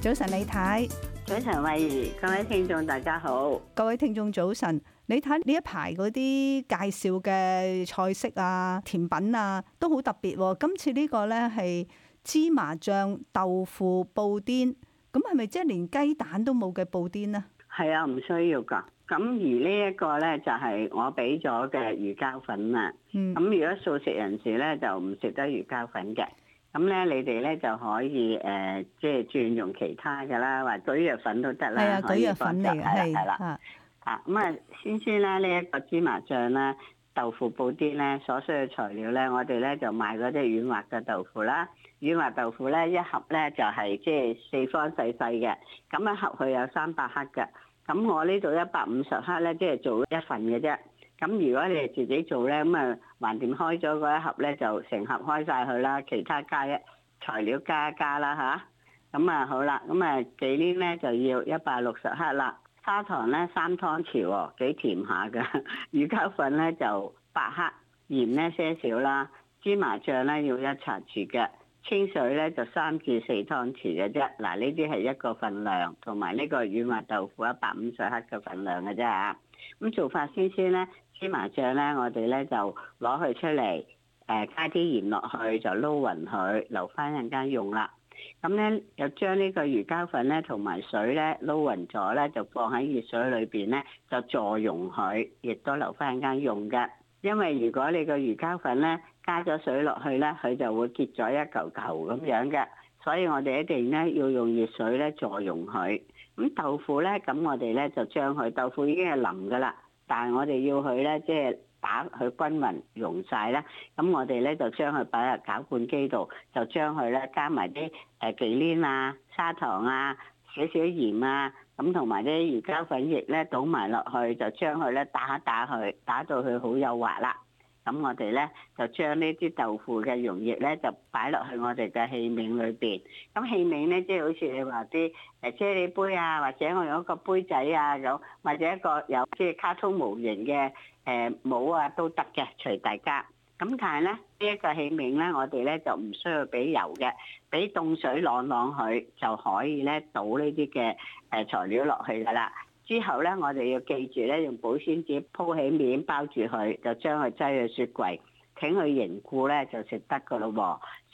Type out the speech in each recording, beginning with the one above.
早晨，李太。早晨，慧如，各位聽眾大家好。各位聽眾早晨，你睇呢一排嗰啲介紹嘅菜式啊、甜品啊，都好特別，啊。今次呢個咧係芝麻醬豆腐布甸，咁係咪即係連雞蛋都冇嘅布甸呢？係啊，唔需要噶。咁而呢一個咧就係我俾咗嘅魚膠粉啊，咁、嗯、如果素食人士咧就唔食得魚膠粉嘅。咁咧，你哋咧就可以誒，即、呃、係、就是、轉用其他嘅啦，或者藥粉都得啦。係啊，咀藥粉嚟嘅，係啦，係啦。啊，咁啊、嗯，先先啦，呢一個芝麻醬啦、豆腐布甸咧，所需嘅材料咧，我哋咧就買嗰隻軟滑嘅豆腐啦。軟滑豆腐咧一盒咧就係即係四方細細嘅，咁一盒佢有三百克嘅。咁我呢度一百五十克咧，即係做一份嘅啫。咁如果你係自己做咧，咁啊橫掂開咗嗰一盒咧，就成盒開晒佢啦。其他加一材料加一加啦吓，咁啊好啦，咁啊幾年呢咧就要一百六十克啦。砂糖咧三湯匙喎，哦，幾甜下噶。魚膠粉咧就八克，鹽咧些少啦。芝麻醬咧要一茶匙嘅，清水咧就三至四湯匙嘅啫。嗱，呢啲係一個份量，同埋呢個軟滑豆腐一百五十克嘅份量嘅啫嚇。咁做法先先咧。芝麻醬咧，我哋咧就攞佢出嚟，誒加啲鹽落去就撈勻佢，留翻陣間用啦。咁咧就將呢個魚膠粉咧同埋水咧撈勻咗咧，就放喺熱水裏邊咧就助溶佢，亦都留翻陣間用嘅。因為如果你個魚膠粉咧加咗水落去咧，佢就會結咗一嚿嚿咁樣嘅，所以我哋一定咧要用熱水咧助溶佢。咁豆腐咧，咁我哋咧就將佢豆腐已經係腍噶啦。但係我哋要佢咧，即係打佢均勻溶曬啦。咁我哋咧就將佢擺喺攪拌機度，就將佢咧加埋啲誒忌廉啊、砂糖啊、少少鹽啊，咁同埋啲魚膠粉液咧倒埋落去，就將佢咧打一打佢，打到佢好幼滑啦。咁我哋咧就將呢啲豆腐嘅溶液咧就擺落去我哋嘅器皿裏邊。咁器皿咧即係好似你話啲誒啫喱杯啊，或者我用一個杯仔啊，有或者一個有即係卡通模型嘅誒帽啊都得嘅，隨大家。咁但係咧呢一個器皿咧，我哋咧就唔需要俾油嘅，俾凍水晾晾佢就可以咧倒呢啲嘅誒材料落去㗎啦。之後咧，我哋要記住咧，用保鮮紙鋪起面包住佢，就將佢擠去雪櫃，請佢凝固咧就食得噶咯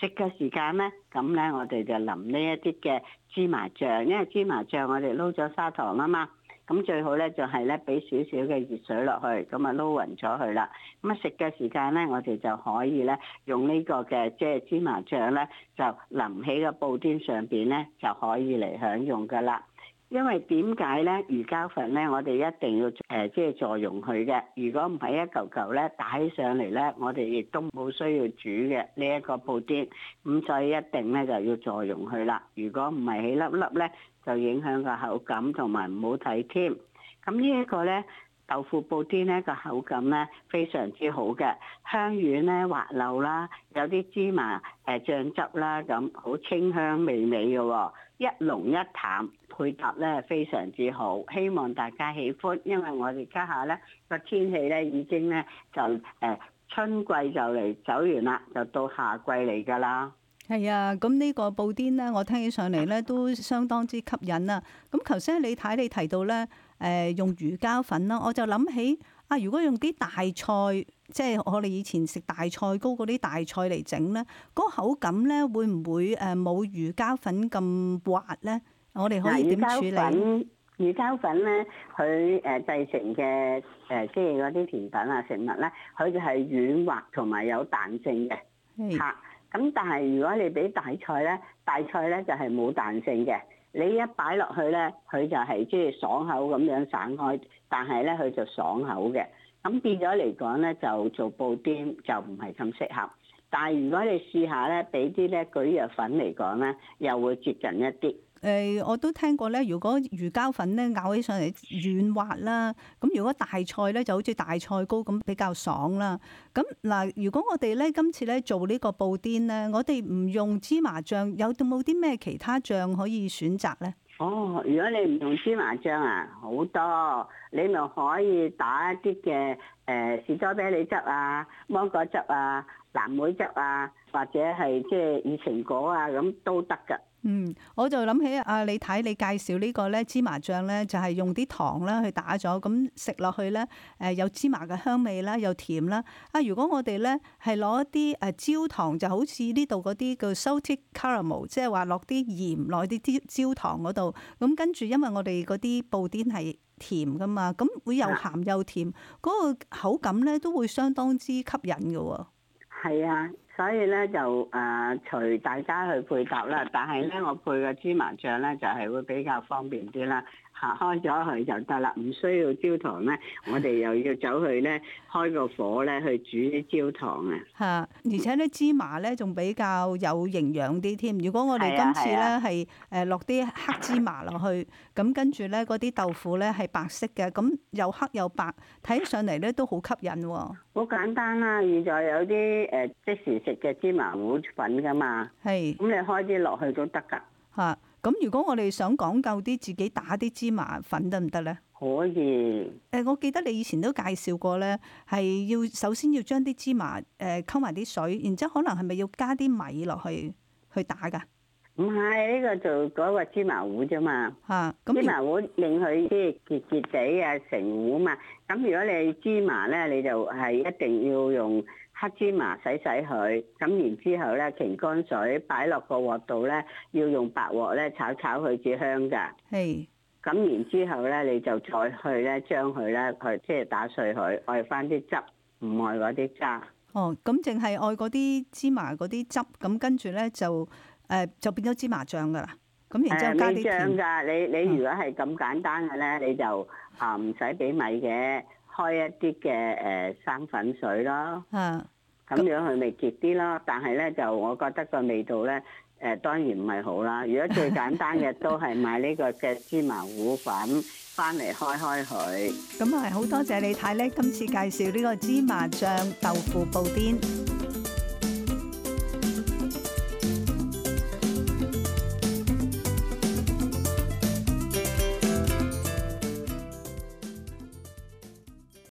喎。食嘅時間咧，咁咧我哋就淋呢一啲嘅芝麻醬，因為芝麻醬我哋撈咗砂糖啊嘛。咁最好咧就係咧俾少少嘅熱水落去，咁啊撈勻咗佢啦。咁啊食嘅時間咧，我哋就可以咧用呢個嘅即係芝麻醬咧，就淋喺個布丁上邊咧就可以嚟享用噶啦。因為點解咧？魚膠粉咧，我哋一定要誒、呃，即係助溶佢嘅。如果唔係一嚿嚿咧，打起上嚟咧，我哋亦都冇需要煮嘅。呢、這、一個布甸，咁所以一定咧就要助溶佢啦。如果唔係起粒粒咧，就影響個口感同埋唔好睇添。咁呢一個咧。豆腐布丁咧個口感咧非常之好嘅，香軟咧滑溜啦，有啲芝麻誒醬汁啦，咁好清香美味嘅喎，一濃一淡配搭咧非常之好，希望大家喜歡，因為我哋家下咧個天氣咧已經咧就誒春季就嚟走完啦，就到夏季嚟㗎啦。係啊，咁呢個布丁咧，我聽起上嚟咧都相當之吸引啊！咁頭先你睇你提到咧，誒用魚膠粉啦，我就諗起啊，如果用啲大菜，即係我哋以前食大菜糕嗰啲大菜嚟整咧，嗰口感咧會唔會誒冇魚膠粉咁滑咧？我哋可以點處理？魚膠粉咧，佢誒製成嘅誒，即係嗰啲甜品啊、食物咧，佢就係軟滑同埋有彈性嘅嚇。咁但係如果你俾大菜咧，大菜咧就係冇彈性嘅。你一擺落去咧，佢就係即係爽口咁樣散開，但係咧佢就爽口嘅。咁變咗嚟講咧，就做布丁就唔係咁適合。但係如果你試下咧，俾啲咧蒟蒻粉嚟講咧，又會接近一啲。誒，我都聽過咧。如果魚膠粉咧咬起上嚟軟滑啦，咁如果大菜咧就好似大菜糕咁比較爽啦。咁嗱，如果我哋咧今次咧做呢個布甸咧，我哋唔用芝麻醬，有冇啲咩其他醬可以選擇咧？哦，如果你唔用芝麻醬啊，好多你咪可以打一啲嘅誒士多啤梨汁啊、芒果汁啊、藍莓汁啊，或者係即係以成果啊咁都得㗎。嗯，我就諗起啊，你睇你介紹個呢個咧芝麻醬咧，就係、是、用啲糖啦去打咗，咁食落去咧，誒有芝麻嘅香味啦，又甜啦。啊，如果我哋咧係攞一啲誒焦糖，就好似呢度嗰啲叫 salty caramel，即係話落啲鹽落啲啲焦糖嗰度，咁、嗯、跟住因為我哋嗰啲布甸係甜噶嘛，咁會又鹹又甜，嗰的個口感咧都會相當之吸引嘅喎、哦。係啊。所以咧就誒，隨大家去配搭啦。但係咧，我配嘅芝麻醬咧，就係會比較方便啲啦。嚇，開咗佢就得啦，唔需要焦糖咧。我哋又要走去咧，開個火咧去煮啲焦糖啊。嚇！而且咧芝麻咧仲比較有營養啲添。如果我哋今次咧係誒落啲黑芝麻落去，咁 跟住咧嗰啲豆腐咧係白色嘅，咁又黑又白，睇上嚟咧都好吸引喎、哦。好簡單啦、啊，現在有啲誒即時食嘅芝麻糊粉㗎嘛。係是。咁你開啲落去都得㗎。嚇、啊！咁如果我哋想講究啲自己打啲芝麻粉得唔得咧？可以。誒，我記得你以前都介紹過咧，係要首先要將啲芝麻誒溝埋啲水，然之後可能係咪要加啲米落去去打㗎？唔係，呢個就嗰個芝麻糊啫嘛。嚇！咁芝麻糊令佢即係結結地啊，成糊啊嘛。咁如果你芝麻咧，你就係一定要用。黑芝麻洗洗佢，咁然之後咧擎乾水擺落個鑊度咧，要用白鑊咧炒炒佢至香噶。係是。咁然之後咧，你就再去咧將佢咧佢即係打碎佢，愛翻啲汁，唔愛嗰啲渣。哦，咁淨係愛嗰啲芝麻嗰啲汁，咁跟住咧就誒、呃、就變咗芝麻醬噶啦。咁然之後加啲甜醬㗎，你你如果係咁簡單嘅咧，哦、你就啊唔使俾米嘅。開一啲嘅誒生粉水咯，咁、啊、樣佢咪結啲咯。但係咧就我覺得個味道咧誒當然唔係好啦。如果最簡單嘅都係買呢個嘅芝麻糊粉翻嚟開開佢。咁啊係好多謝你太咧，今次介紹呢個芝麻醬豆腐布甸。